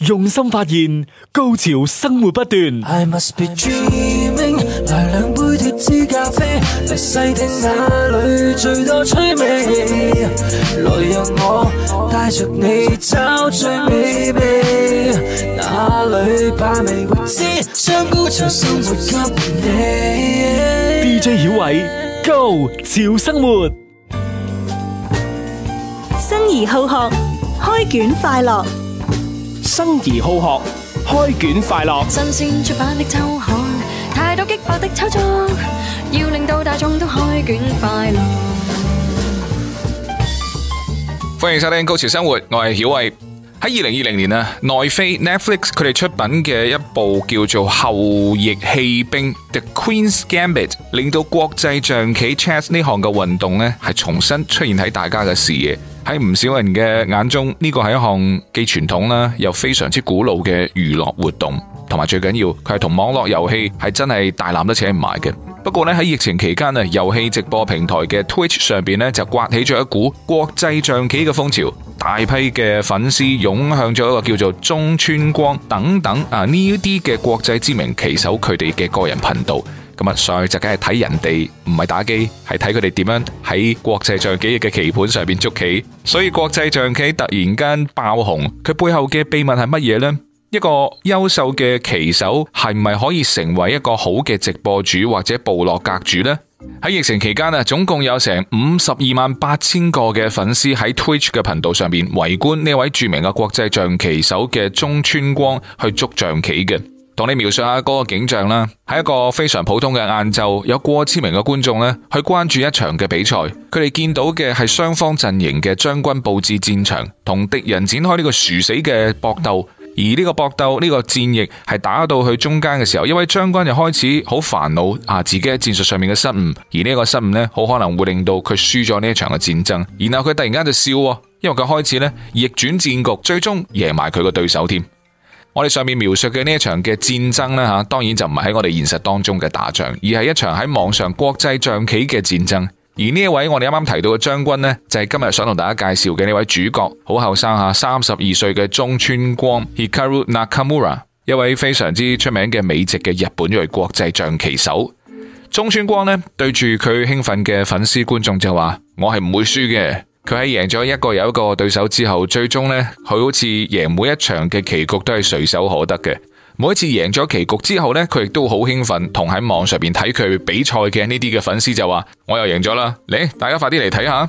用心發現，高潮生活不斷。I must be dreaming，來兩杯脫脂咖啡，嚟細聽那裏最多趣味。來讓我帶着你找最美味，哪裏把味未知，將高潮生活給你。DJ 小偉，Go 潮生活，生而好學，開卷快樂。生而好學，開卷快樂。新鮮出版的秋刊，太多激爆的炒作，要令到大眾都開卷快樂。歡迎收聽《高潮生活》，我係曉慧。喺二零二零年啊，奈飛 Netflix 佢哋出品嘅一部叫做《后翼棄兵》The Queen's Gambit，令到國際象棋 Chess 呢項嘅運動咧，係重新出現喺大家嘅視野。喺唔少人嘅眼中，呢個係一項既傳統啦，又非常之古老嘅娛樂活動，同埋最緊要佢係同網絡遊戲係真係大纜都扯唔埋嘅。不過呢，喺疫情期間啊，遊戲直播平台嘅 Twitch 上邊呢，就刮起咗一股國際象棋嘅風潮，大批嘅粉絲湧向咗一個叫做中村光等等啊呢啲嘅國際知名棋手佢哋嘅個人頻道。咁啊，上去就梗係睇人哋，唔係打機，係睇佢哋點樣喺國際象棋嘅棋盤上邊捉棋。所以國際象棋突然間爆紅，佢背後嘅秘密係乜嘢呢？一個優秀嘅棋手係咪可以成為一個好嘅直播主或者部落格主呢？喺疫情期間啊，總共有成五十二萬八千個嘅粉絲喺 Twitch 嘅頻道上面圍觀呢位著名嘅國際象棋手嘅中村光去捉象棋嘅。同你描述下嗰個景象啦，喺一個非常普通嘅晏晝，有過千名嘅觀眾咧去關注一場嘅比賽，佢哋見到嘅係雙方陣營嘅將軍布置戰場，同敵人展開呢個殊死嘅搏鬥，而呢個搏鬥呢、呢個戰役係打到去中間嘅時候，一位將軍就開始好煩惱啊自己喺戰術上面嘅失誤，而呢個失誤咧好可能會令到佢輸咗呢一場嘅戰爭，然後佢突然間就笑，因為佢開始咧逆轉戰局，最終贏埋佢個對手添。我哋上面描述嘅呢一場嘅戰爭呢，吓，當然就唔係喺我哋現實當中嘅打仗，而係一場喺網上國際象棋嘅戰爭。而呢一位我哋啱啱提到嘅將軍呢，就係今日想同大家介紹嘅呢位主角，好後生吓，三十二歲嘅中村光 Hikaru Nakamura，一位非常之出名嘅美籍嘅日本裔國際象棋手。中村光呢，對住佢興奮嘅粉絲觀眾就話：我係唔會輸嘅。佢喺贏咗一個又一個對手之後，最終呢，佢好似贏每一場嘅棋局都係隨手可得嘅。每一次贏咗棋局之後呢，佢亦都好興奮，同喺網上面睇佢比賽嘅呢啲嘅粉絲就話：我又贏咗啦！嚟，大家快啲嚟睇下。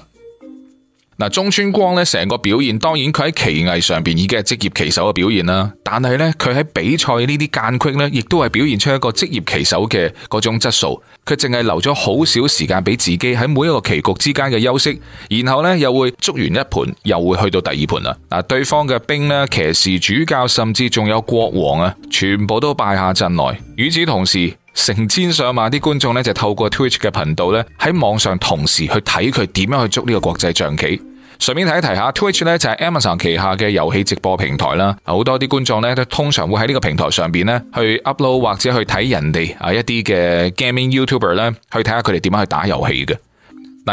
嗱，中村光咧成個表現，當然佢喺棋藝上邊已經係職業棋手嘅表現啦。但係咧，佢喺比賽呢啲間隙咧，亦都係表現出一個職業棋手嘅嗰種質素。佢淨係留咗好少時間俾自己喺每一個棋局之間嘅休息，然後咧又會捉完一盤，又會去到第二盤啦。嗱，對方嘅兵咧、騎士、主教，甚至仲有國王啊，全部都敗下陣來。與此同時，成千上萬啲觀眾咧就透過 Twitch 嘅頻道咧喺網上同時去睇佢點樣去捉呢個國際象棋。順便提一提下，Twitch 咧就係 Amazon 旗下嘅遊戲直播平台啦。好多啲觀眾咧都通常會喺呢個平台上邊咧去 upload 或者去睇人哋啊一啲嘅 gaming YouTuber 咧去睇下佢哋點樣去打遊戲嘅。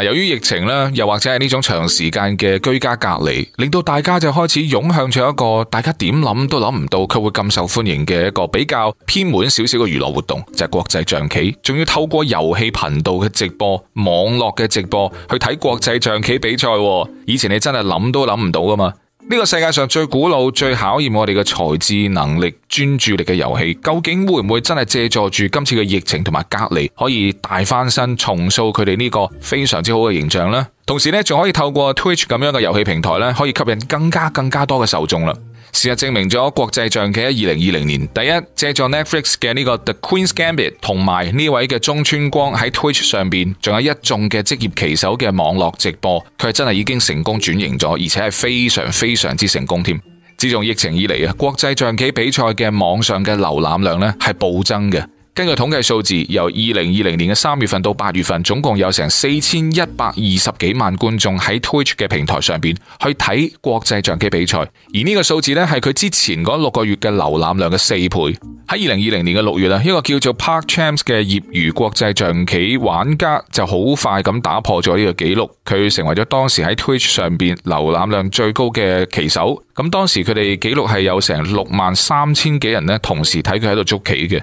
由於疫情咧，又或者係呢種長時間嘅居家隔離，令到大家就開始湧向咗一個大家點諗都諗唔到，佢會咁受歡迎嘅一個比較偏門少少嘅娛樂活動，就係國際象棋，仲要透過遊戲頻道嘅直播，網絡嘅直播去睇國際象棋比賽喎。以前你真係諗都諗唔到噶嘛。呢個世界上最古老、最考驗我哋嘅才智能力、專注力嘅遊戲，究竟會唔會真係借助住今次嘅疫情同埋隔離，可以大翻身，重塑佢哋呢個非常之好嘅形象呢？同時咧，仲可以透過 Twitch 咁樣嘅遊戲平台咧，可以吸引更加更加多嘅受眾啦。事實證明咗國際象棋喺二零二零年，第一借助 Netflix 嘅呢個 The Queen’s Gambit 同埋呢位嘅中村光喺 Twitch 上邊，仲有一眾嘅職業棋手嘅網絡直播，佢係真係已經成功轉型咗，而且係非常非常之成功添。自從疫情以嚟啊，國際象棋比賽嘅網上嘅瀏覽量咧係暴增嘅。根據統計數字，由二零二零年嘅三月份到八月份，總共有成四千一百二十幾萬觀眾喺 Twitch 嘅平台上邊去睇國際象棋比賽。而呢個數字呢，係佢之前嗰六個月嘅瀏覽量嘅四倍。喺二零二零年嘅六月啊，一個叫做 Park Champs 嘅業餘國際象棋玩家就好快咁打破咗呢個紀錄，佢成為咗當時喺 Twitch 上邊瀏覽量最高嘅棋手。咁當時佢哋紀錄係有成六萬三千幾人呢，同時睇佢喺度捉棋嘅。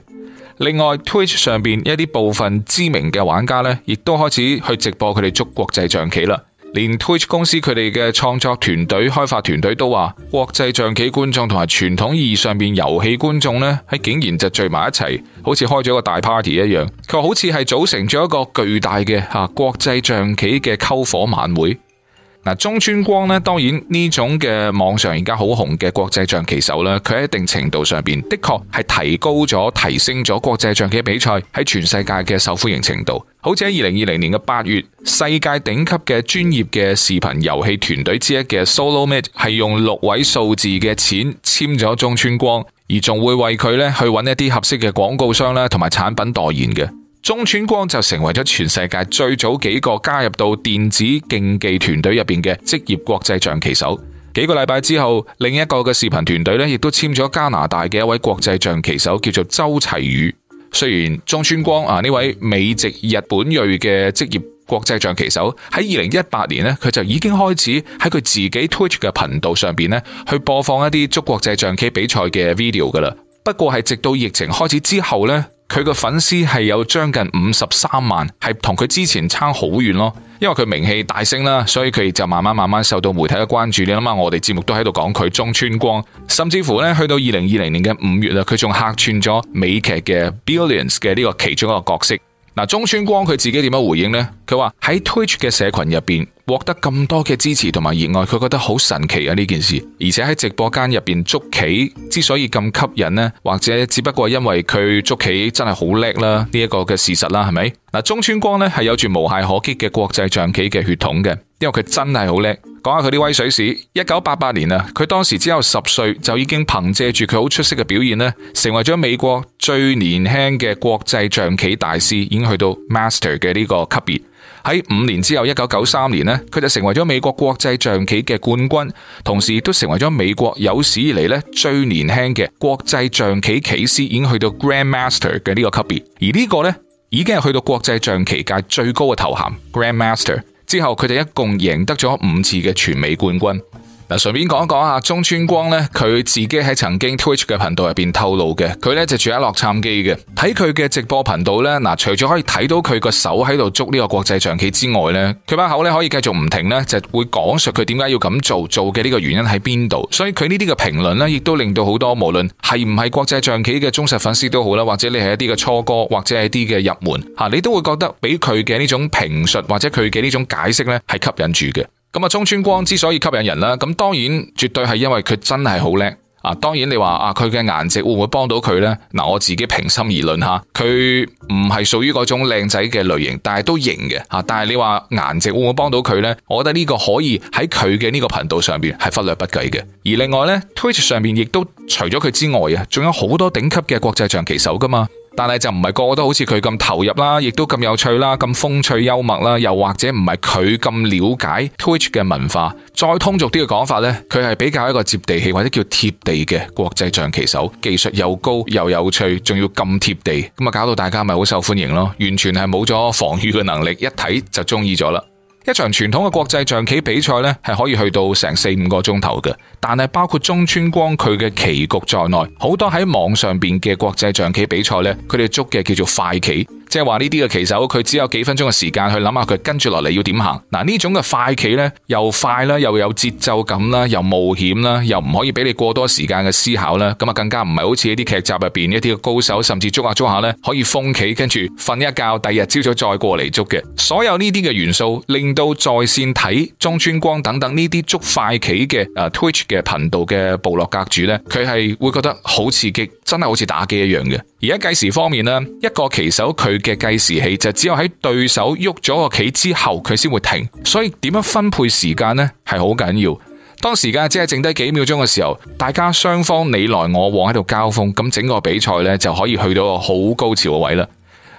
另外，Twitch 上邊一啲部分知名嘅玩家咧，亦都開始去直播佢哋捉國際象棋啦。連 Twitch 公司佢哋嘅創作團隊、開發團隊都話，國際象棋觀眾同埋傳統意義上邊遊戲觀眾咧，竟然就聚埋一齊，好似開咗個大 party 一樣。佢好似係組成咗一個巨大嘅、吓、啊、國際象棋嘅篝火晚會。中村光呢，當然呢種嘅網上而家好紅嘅國際象棋手咧，佢喺一定程度上邊的確係提高咗、提升咗國際象棋嘅比賽喺全世界嘅受歡迎程度。好似喺二零二零年嘅八月，世界頂級嘅專業嘅視頻遊戲團隊之一嘅 SoloMid 係用六位數字嘅錢簽咗中村光，而仲會為佢咧去搵一啲合適嘅廣告商啦，同埋產品代言嘅。中村光就成為咗全世界最早幾個加入到電子競技團隊入邊嘅職業國際象棋手。幾個禮拜之後，另一個嘅視頻團隊咧，亦都簽咗加拿大嘅一位國際象棋手，叫做周齊宇。雖然中村光啊呢位美籍日本裔嘅職業國際象棋手喺二零一八年呢，佢就已經開始喺佢自己 Twitch 嘅頻道上邊呢，去播放一啲捉國際象棋比賽嘅 video 噶啦。不過係直到疫情開始之後呢。佢個粉絲係有將近五十三萬，係同佢之前差好遠咯。因為佢名氣大升啦，所以佢就慢慢慢慢受到媒體嘅關注。你諗下，我哋節目都喺度講佢中村光，甚至乎呢，去到二零二零年嘅五月啦，佢仲客串咗美劇嘅 Billions 嘅呢個其中一個角色。嗱，中村光佢自己點樣回應呢？佢話喺 Twitch 嘅社群入邊。獲得咁多嘅支持同埋熱愛，佢覺得好神奇啊！呢件事，而且喺直播間入邊捉棋之所以咁吸引呢，或者只不過因為佢捉棋真係好叻啦，呢一個嘅事實啦，係咪？嗱，中村光呢係有住無懈可擊嘅國際象棋嘅血統嘅，因為佢真係好叻。講下佢啲威水史，一九八八年啊，佢當時只有十歲就已經憑借住佢好出色嘅表現呢，成為咗美國最年輕嘅國際象棋大師，已經去到 master 嘅呢個級別。喺五年之後，一九九三年咧，佢就成為咗美國國際象棋嘅冠軍，同時亦都成為咗美國有史以嚟咧最年輕嘅國際象棋棋師，已經去到 Grandmaster 嘅呢個級別，而呢個咧已經係去到國際象棋界最高嘅頭銜 Grandmaster。之後佢哋一共贏得咗五次嘅全美冠軍。嗱，順便講一講啊，中村光咧，佢自己喺曾經 Twitch 嘅頻道入邊透露嘅，佢咧就住喺洛杉磯嘅。睇佢嘅直播頻道咧，嗱，除咗可以睇到佢個手喺度捉呢個國際象棋之外咧，佢把口咧可以繼續唔停咧，就會講述佢點解要咁做，做嘅呢個原因喺邊度。所以佢呢啲嘅評論咧，亦都令到好多無論係唔係國際象棋嘅忠實粉絲都好啦，或者你係一啲嘅初哥，或者係一啲嘅入門，吓、啊、你都會覺得俾佢嘅呢種評述或者佢嘅呢種解釋咧，係吸引住嘅。咁啊，中村光之所以吸引人啦，咁當然絕對係因為佢真係好叻啊。當然你話啊，佢嘅顏值會唔會幫到佢咧？嗱，我自己平心而論吓，佢唔係屬於嗰種靚仔嘅類型，但係都型嘅吓。但係你話顏值會唔會幫到佢咧？我覺得呢個可以喺佢嘅呢個頻道上邊係忽略不計嘅。而另外咧，Twitch 上邊亦都除咗佢之外啊，仲有好多頂級嘅國際象棋手噶嘛。但係就唔係個個都好似佢咁投入啦，亦都咁有趣啦，咁風趣幽默啦，又或者唔係佢咁了解 Twitch 嘅文化。再通俗啲嘅講法呢，佢係比較一個接地氣或者叫貼地嘅國際象棋手，技術又高又有趣，仲要咁貼地，咁啊搞到大家咪好受歡迎咯，完全係冇咗防御嘅能力，一睇就中意咗啦。一場傳統嘅國際象棋比賽呢，係可以去到成四五個鐘頭嘅，但係包括中村光佢嘅棋局在內，好多喺網上邊嘅國際象棋比賽呢，佢哋捉嘅叫做快棋。即係話呢啲嘅棋手，佢只有幾分鐘嘅時間去諗下佢跟住落嚟要點行。嗱，呢種嘅快棋呢，又快啦，又有節奏感啦，又冒險啦，又唔可以俾你過多時間嘅思考啦。咁啊，更加唔係好似一啲劇集入邊一啲嘅高手，甚至捉下捉下呢，可以封棋，跟住瞓一覺，第二日朝早再過嚟捉嘅。所有呢啲嘅元素令到在綫睇中村光等等呢啲捉快棋嘅，uh, Twitch 嘅頻道嘅部落格主呢，佢係會覺得好刺激，真係好似打機一樣嘅。而喺計時方面呢，一個棋手佢。嘅計時器就只有喺對手喐咗個棋之後，佢先會停。所以點樣分配時間呢？係好緊要。當時間只係剩低幾秒鐘嘅時候，大家雙方你來我往喺度交鋒，咁整個比賽呢，就可以去到個好高潮嘅位啦。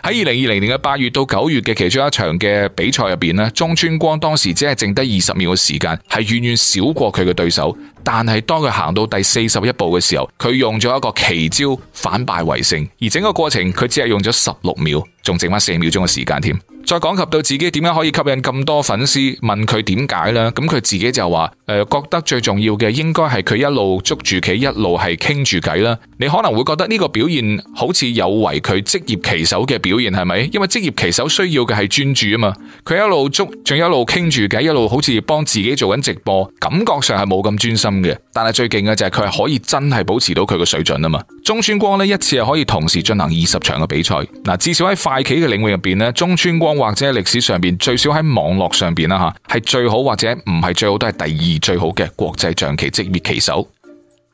喺二零二零年嘅八月到九月嘅其中一場嘅比賽入面呢，中村光當時只係剩得二十秒嘅時間，係遠遠少過佢嘅對手。但係當佢行到第四十一步嘅時候，佢用咗一個奇招反敗為勝，而整個過程佢只係用咗十六秒，仲剩返四秒鐘嘅時間添。再講及到自己點樣可以吸引咁多粉絲，問佢點解啦？咁佢自己就話：誒、呃，覺得最重要嘅應該係佢一路捉住佢，一路係傾住計啦。你可能會覺得呢個表現好似有違佢職業棋手嘅表現，係咪？因為職業棋手需要嘅係專注啊嘛。佢一路捉，仲一路傾住計，一路好似幫自己做緊直播，感覺上係冇咁專心嘅。但係最勁嘅就係佢係可以真係保持到佢嘅水準啊嘛。中村光咧，一次係可以同時進行二十場嘅比賽，至少喺快棋嘅領域入邊咧，中村光或者喺歷史上邊最少喺網絡上邊啦吓，係最好或者唔係最好都係第二最好嘅國際象棋職業棋手。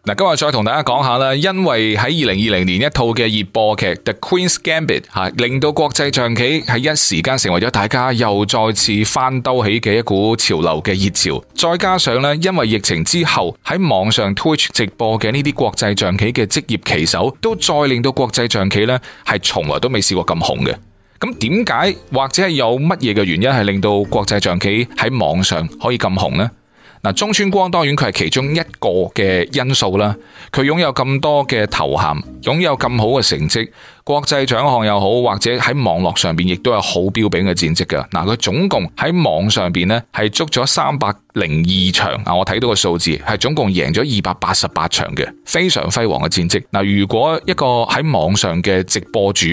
嗱，今日再同大家講下啦，因為喺二零二零年一套嘅熱播劇《The Queen’s Gambit》吓，令到國際象棋喺一時間成為咗大家又再次翻兜起嘅一股潮流嘅熱潮。再加上呢，因為疫情之後喺網上 Twitch 直播嘅呢啲國際象棋嘅職業棋手，都再令到國際象棋呢係從來都未試過咁紅嘅。咁點解或者係有乜嘢嘅原因係令到國際象棋喺網上可以咁紅呢？嗱，中村光當然，佢係其中一個嘅因素啦。佢擁有咁多嘅頭銜，擁有咁好嘅成績，國際獎項又好，或者喺網絡上邊亦都有好標炳嘅戰績嘅。嗱，佢總共喺網上邊咧係捉咗三百零二場，嗱，我睇到個數字係總共贏咗二百八十八場嘅，非常輝煌嘅戰績。嗱，如果一個喺網上嘅直播主，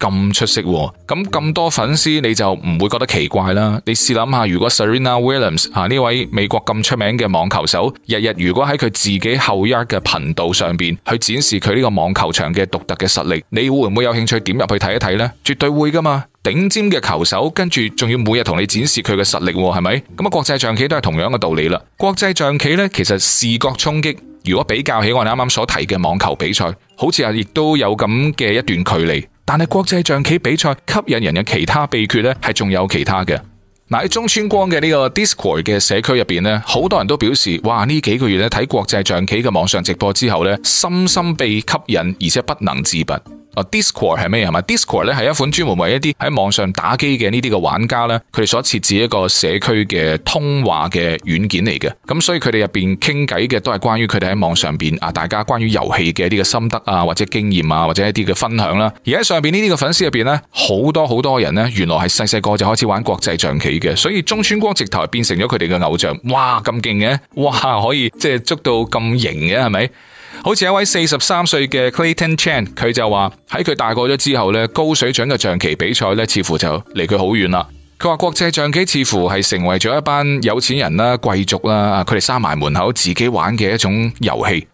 咁出色咁咁多粉絲，你就唔會覺得奇怪啦？你試諗下，如果 Serena Williams 啊呢位美國咁出名嘅網球手，日日如果喺佢自己後一嘅頻道上邊去展示佢呢個網球場嘅獨特嘅實力，你會唔會有興趣點入去睇一睇咧？絕對會噶嘛，頂尖嘅球手跟住仲要每日同你展示佢嘅實力，係咪咁啊？國際象棋都係同樣嘅道理啦。國際象棋咧，其實視覺衝擊如果比較起我哋啱啱所提嘅網球比賽，好似啊亦都有咁嘅一段距離。但係國際象棋比賽吸引人嘅其他秘訣咧，係仲有其他嘅。嗱，喺中村光嘅呢個 Discord 嘅社區入邊咧，好多人都表示，哇！呢幾個月咧，睇國際象棋嘅網上直播之後咧，深深被吸引，而且不能自拔。Discord 係咩係嘛？Discord 咧係一款專門為一啲喺網上打機嘅呢啲嘅玩家咧，佢哋所設置一個社區嘅通話嘅軟件嚟嘅。咁所以佢哋入邊傾偈嘅都係關於佢哋喺網上邊啊，大家關於遊戲嘅一啲嘅心得啊，或者經驗啊，或者一啲嘅分享啦。而喺上邊呢啲嘅粉絲入邊咧，好多好多人咧，原來係細細個就開始玩國際象棋嘅，所以中村光直頭變成咗佢哋嘅偶像哇。哇，咁勁嘅？哇，可以即係捉到咁型嘅係咪？好似一位四十三歲嘅 Clayton Chan，佢就話喺佢大個咗之後咧，高水準嘅象棋比賽似乎就離佢好遠啦。佢話國際象棋似乎係成為咗一班有錢人啦、貴族啦，佢哋閂埋門口自己玩嘅一種遊戲。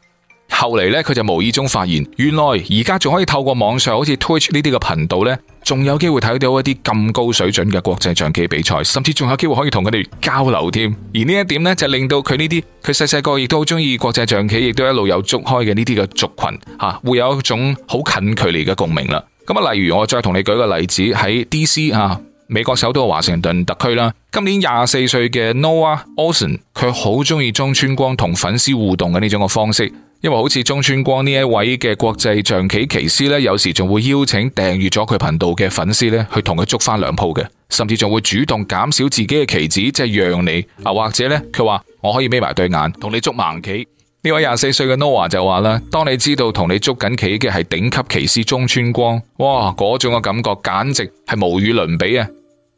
後嚟咧，佢就無意中發現，原來而家仲可以透過網上好似 Twitch 呢啲嘅頻道咧，仲有機會睇到一啲咁高水準嘅國際象棋比賽，甚至仲有機會可以同佢哋交流添。而呢一點咧，就令到佢呢啲佢細細個亦都好中意國際象棋，亦都一路有捉開嘅呢啲嘅族群吓，會有一種好近距離嘅共鳴啦。咁啊，例如我再同你舉個例子喺 D.C. 吓，美國首都華盛頓特區啦。今年廿四歲嘅 Noah Olson，佢好中意中村光同粉絲互動嘅呢種嘅方式。因為好似中村光呢一位嘅國際象棋棋師呢，有時仲會邀請訂閱咗佢頻道嘅粉絲呢去同佢捉翻兩鋪嘅，甚至仲會主動減少自己嘅棋子，即係讓你啊，或者呢，佢話我可以眯埋對眼同你捉盲棋。呢位廿四歲嘅 Noah 就話啦，當你知道同你捉緊棋嘅係頂級棋師中村光，哇，嗰種嘅感覺簡直係無與倫比啊！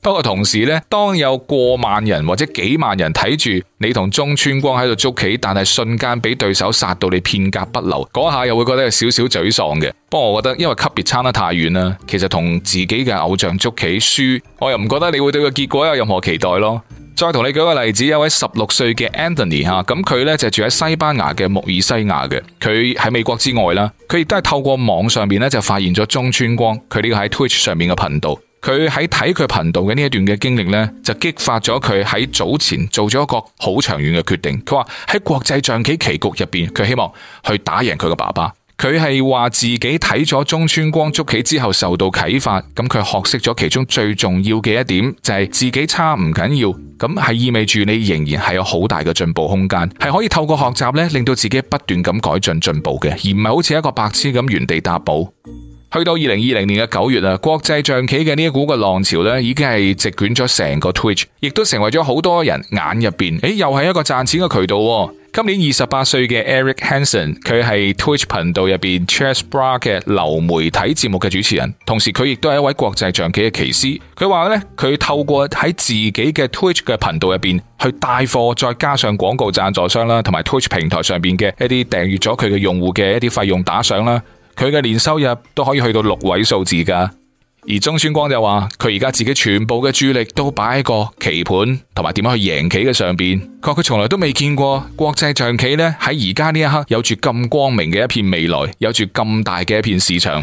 不過同時呢，當有過萬人或者幾萬人睇住你同中村光喺度捉棋，但係瞬間俾對手殺到你片甲不留，嗰下又會覺得有少少沮喪嘅。不過我覺得，因為級別差得太遠啦，其實同自己嘅偶像捉棋輸，我又唔覺得你會對個結果有任何期待咯。再同你舉個例子，有位十六歲嘅 Anthony 吓，咁佢呢就住喺西班牙嘅穆爾西亞嘅，佢喺美國之外啦，佢亦都係透過網上面呢就發現咗中村光佢呢個喺 Twitch 上面嘅頻道。佢喺睇佢頻道嘅呢一段嘅經歷呢，就激發咗佢喺早前做咗一個好長遠嘅決定。佢話喺國際象棋棋，棋局入邊，佢希望去打贏佢嘅爸爸。佢係話自己睇咗中村光足棋之後受到啟發，咁佢學識咗其中最重要嘅一點就係、是、自己差唔緊要，咁係意味住你仍然係有好大嘅進步空間，係可以透過學習呢，令到自己不斷咁改進進步嘅，而唔係好似一個白痴咁原地踏步。去到二零二零年嘅九月啊，國際象棋嘅呢股嘅浪潮咧，已經係席捲咗成個 Twitch，亦都成為咗好多人眼入邊，誒，又係一個賺錢嘅渠道。今年二十八歲嘅 Eric Hanson，佢係 Twitch 頻道入邊 Chess Bra 嘅流媒體節目嘅主持人，同時佢亦都係一位國際象棋嘅棋師。佢話咧，佢透過喺自己嘅 Twitch 嘅頻道入邊去帶貨，再加上廣告贊助商啦，同埋 Twitch 平台上邊嘅一啲訂閱咗佢嘅用戶嘅一啲費用打賞啦。佢嘅年收入都可以去到六位數字㗎，而中村光就話：佢而家自己全部嘅注力都擺喺個棋盤同埋點樣去贏棋嘅上邊，佢話，佢從來都未見過國際象棋呢，喺而家呢一刻有住咁光明嘅一片未來，有住咁大嘅一片市場。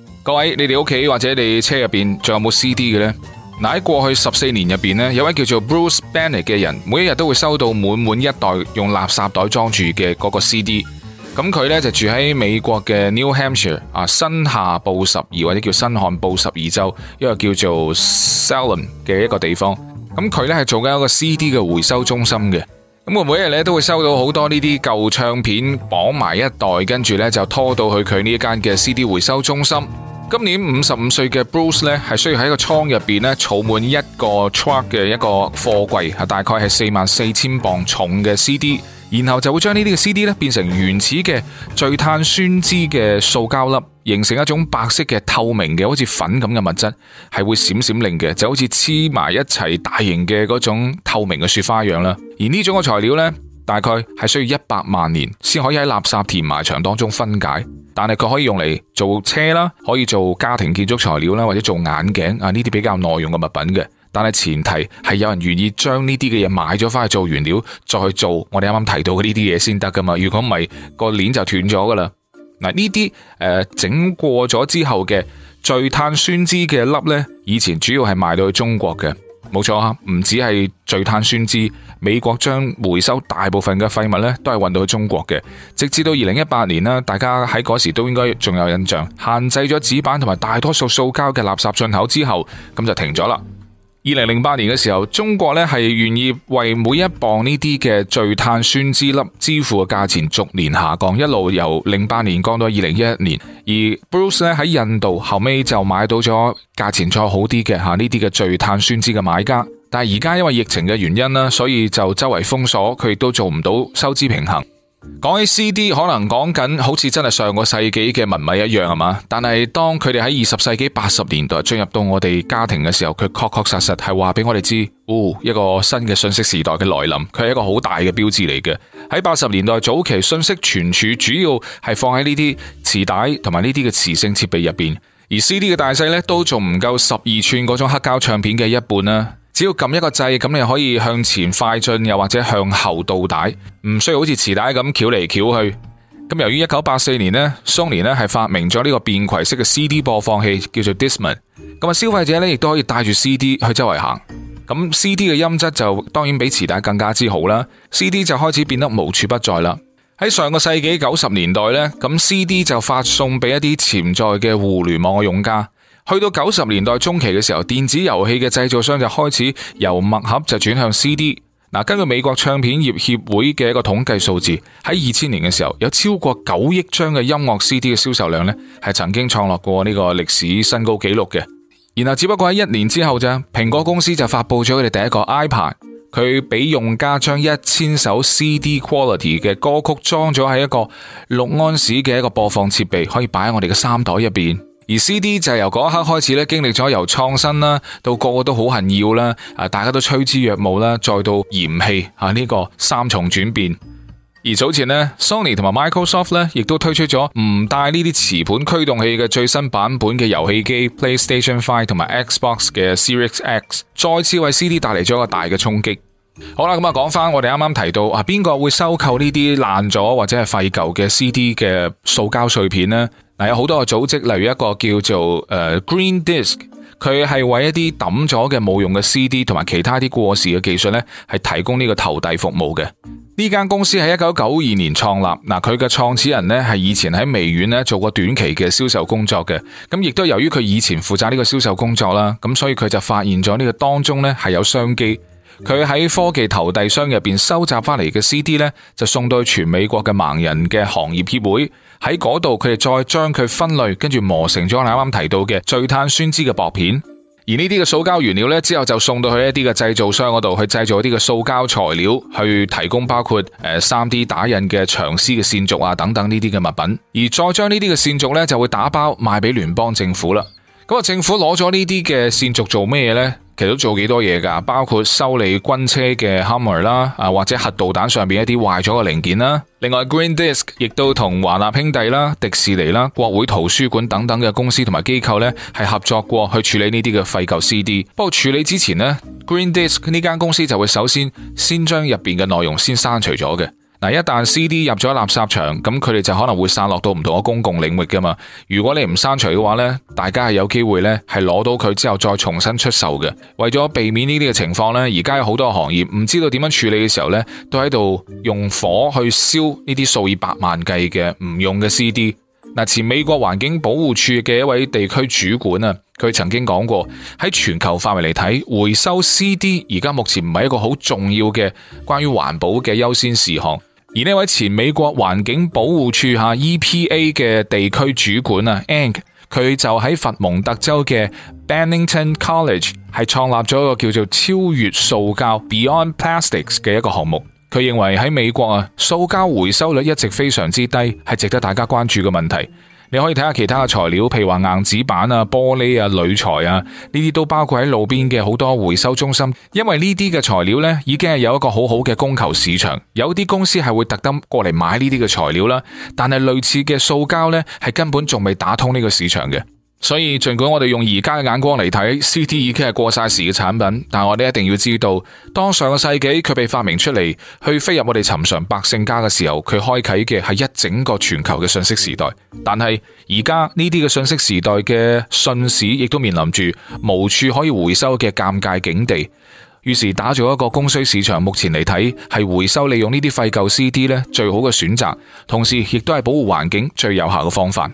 各位，你哋屋企或者你車入邊仲有冇 CD 嘅呢？嗱喺過去十四年入邊呢，有位叫做 Bruce Bennett 嘅人，每一日都會收到滿滿一袋用垃圾袋裝住嘅嗰個 CD。咁佢呢就住喺美國嘅 New Hampshire 啊，新下布十二或者叫新罕布十二州，一個叫做 Salem 嘅一個地方。咁佢呢係做緊一個 CD 嘅回收中心嘅。咁我每一日呢都會收到好多呢啲舊唱片，綁埋一袋，跟住呢就拖到去佢呢一間嘅 CD 回收中心。今年五十五歲嘅 Bruce 咧，係需要喺個倉入邊咧，儲滿一個 truck 嘅一個貨櫃，係大概係四萬四千磅重嘅 CD，然後就會將呢啲嘅 CD 咧變成原始嘅聚碳酸酯嘅塑膠粒，形成一種白色嘅透明嘅，好似粉咁嘅物質，係會閃閃亮嘅，就好似黐埋一齊大型嘅嗰種透明嘅雪花樣啦。而呢種嘅材料咧，大概係需要一百萬年先可以喺垃圾填埋場當中分解。但係佢可以用嚟做車啦，可以做家庭建築材料啦，或者做眼鏡啊，呢啲比較耐用嘅物品嘅。但係前提係有人願意將呢啲嘅嘢買咗翻去做原料，再去做我哋啱啱提到嘅呢啲嘢先得噶嘛。如果唔係個鏈就斷咗噶啦。嗱，呢啲誒，整過咗之後嘅聚碳酸酯嘅粒呢，以前主要係賣到去中國嘅。冇錯啊，唔止係聚碳酸酯，美國將回收大部分嘅廢物咧，都係運到去中國嘅。直至到二零一八年啦，大家喺嗰時都應該仲有印象，限制咗紙板同埋大多數塑膠嘅垃圾進口之後，咁就停咗啦。二零零八年嘅時候，中國咧係願意為每一磅呢啲嘅聚碳酸酯粒支付嘅價錢逐年下降，一路由零八年降到二零一一年。而 Bruce 喺印度後尾就買到咗價錢再好啲嘅吓呢啲嘅聚碳酸酯嘅買家，但係而家因為疫情嘅原因啦，所以就周圍封鎖，佢亦都做唔到收支平衡。講起 CD，可能講緊好似真係上個世紀嘅文物一樣係嘛？但係當佢哋喺二十世紀八十年代進入到我哋家庭嘅時候，佢確確實實係話俾我哋知，哦，一個新嘅信息時代嘅來臨，佢係一個好大嘅標誌嚟嘅。喺八十年代早期，信息存儲主要係放喺呢啲磁帶同埋呢啲嘅磁性設備入邊，而 CD 嘅大細呢，都仲唔夠十二寸嗰種黑膠唱片嘅一半啦、啊。只要撳一個掣，咁你可以向前快進，又或者向後倒帶，唔需要好似磁帶咁撬嚟撬去。咁由於一九八四年呢 Sony 呢係發明咗呢個便攜式嘅 CD 播放器，叫做 Discman。咁啊，消費者呢亦都可以帶住 CD 去周圍行。咁 CD 嘅音質就當然比磁帶更加之好啦。CD 就開始變得無處不在啦。喺上個世紀九十年代呢，咁 CD 就發送俾一啲潛在嘅互聯網嘅用家。去到九十年代中期嘅時候，電子遊戲嘅製造商就開始由墨盒就轉向 CD。嗱，根據美國唱片業協會嘅一個統計數字，喺二千年嘅時候，有超過九億張嘅音樂 CD 嘅銷售量呢係曾經創落過呢個歷史新高紀錄嘅。然後只不過喺一年之後啫，蘋果公司就發布咗佢哋第一個 iPad，佢俾用家將一千首 CD quality 嘅歌曲裝咗喺一個六盎司嘅一個播放設備，可以擺喺我哋嘅衫袋入邊。而 CD 就係由嗰一刻開始咧，經歷咗由創新啦，到個個都好恨要啦，啊，大家都趨之若鶩啦，再到嫌棄啊呢個三重轉變。而早前咧，Sony 同埋 Microsoft 咧，亦都推出咗唔帶呢啲磁盤驅動器嘅最新版本嘅遊戲機 PlayStation Five 同埋 Xbox 嘅 Series X，再次為 CD 帶嚟咗一個大嘅衝擊。好啦，咁啊講翻我哋啱啱提到啊，邊個會收購呢啲爛咗或者係廢舊嘅 CD 嘅塑膠碎片咧？係有好多個組織，例如一個叫做誒、uh, Green Disk，佢係為一啲抌咗嘅冇用嘅 CD 同埋其他啲過時嘅技術呢，係提供呢個投遞服務嘅。呢間公司係一九九二年創立，嗱，佢嘅創始人呢係以前喺微軟呢做過短期嘅銷售工作嘅，咁亦都由於佢以前負責呢個銷售工作啦，咁所以佢就發現咗呢個當中呢係有商機。佢喺科技投遞箱入邊收集翻嚟嘅 CD 咧，就送到去全美國嘅盲人嘅行業協會喺嗰度，佢哋再將佢分類，跟住磨成咗啱啱提到嘅聚碳酸酯嘅薄片。而呢啲嘅塑膠原料咧，之後就送到去一啲嘅製造商嗰度去製造一啲嘅塑膠材料，去提供包括誒三 D 打印嘅長絲嘅線軸啊等等呢啲嘅物品。而再將呢啲嘅線軸咧，就會打包賣俾聯邦政府啦。咁啊，政府攞咗呢啲嘅線軸做咩嘢咧？其實都做幾多嘢噶包括修理軍車嘅 Hummer 啦，啊或者核導彈上面一啲壞咗嘅零件啦。另外 Green Disk 亦都同華納兄弟啦、迪士尼啦、國會圖書館等等嘅公司同埋機構咧係合作過去處理呢啲嘅廢舊 CD。不過處理之前呢，Green Disk 呢間公司就會首先先將入邊嘅內容先刪除咗嘅。嗱，一旦 CD 入咗垃圾場，咁佢哋就可能會散落到唔同嘅公共領域噶嘛。如果你唔刪除嘅話呢，大家係有機會呢係攞到佢之後再重新出售嘅。為咗避免呢啲嘅情況呢，而家有好多行業唔知道點樣處理嘅時候呢，都喺度用火去燒呢啲數以百萬計嘅唔用嘅 CD。嗱，前美國環境保護署嘅一位地區主管啊，佢曾經講過喺全球範圍嚟睇，回收 CD 而家目前唔係一個好重要嘅關於環保嘅優先事項。而呢位前美國環境保護署下 EPA 嘅地區主管啊，Ang，佢就喺佛蒙特州嘅 Bennington College 係創立咗一個叫做超越塑膠 Beyond Plastics 嘅一個項目。佢認為喺美國啊，塑膠回收率一直非常之低，係值得大家關注嘅問題。你可以睇下其他嘅材料，譬如話硬紙板啊、玻璃啊、鋁材啊，呢啲都包括喺路邊嘅好多回收中心。因為呢啲嘅材料咧，已經係有一個好好嘅供求市場，有啲公司係會特登過嚟買呢啲嘅材料啦。但係類似嘅塑膠咧，係根本仲未打通呢個市場嘅。所以，盡管我哋用而家嘅眼光嚟睇，CD 已經係過晒時嘅產品，但係我哋一定要知道，當上個世紀佢被發明出嚟，去飛入我哋尋常百姓家嘅時候，佢開啟嘅係一整個全球嘅信息時代。但係而家呢啲嘅信息時代嘅信使，亦都面臨住無處可以回收嘅尷尬境地。於是，打造一個供需市場，目前嚟睇係回收利用呢啲廢舊 CD 咧最好嘅選擇，同時亦都係保護環境最有效嘅方法。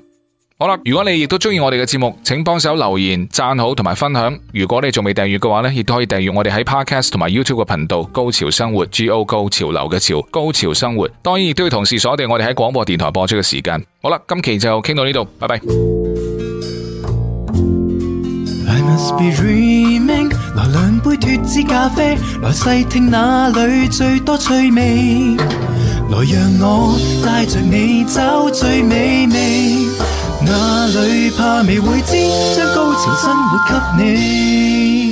好啦，如果你亦都中意我哋嘅節目，請幫手留言、贊好同埋分享。如果你仲未訂閱嘅話呢，亦都可以訂閱我哋喺 Podcast 同埋 YouTube 嘅頻道《高潮生活 G O 高潮流嘅潮》《高潮生活》。當然亦都要同時鎖定我哋喺廣播電台播出嘅時間。好啦，今期就傾到呢度，拜拜。來兩杯脱脂咖啡，來細聽哪裏最多趣味。來讓我帶着你走最美味。哪裏怕未會知，將高潮生活給你。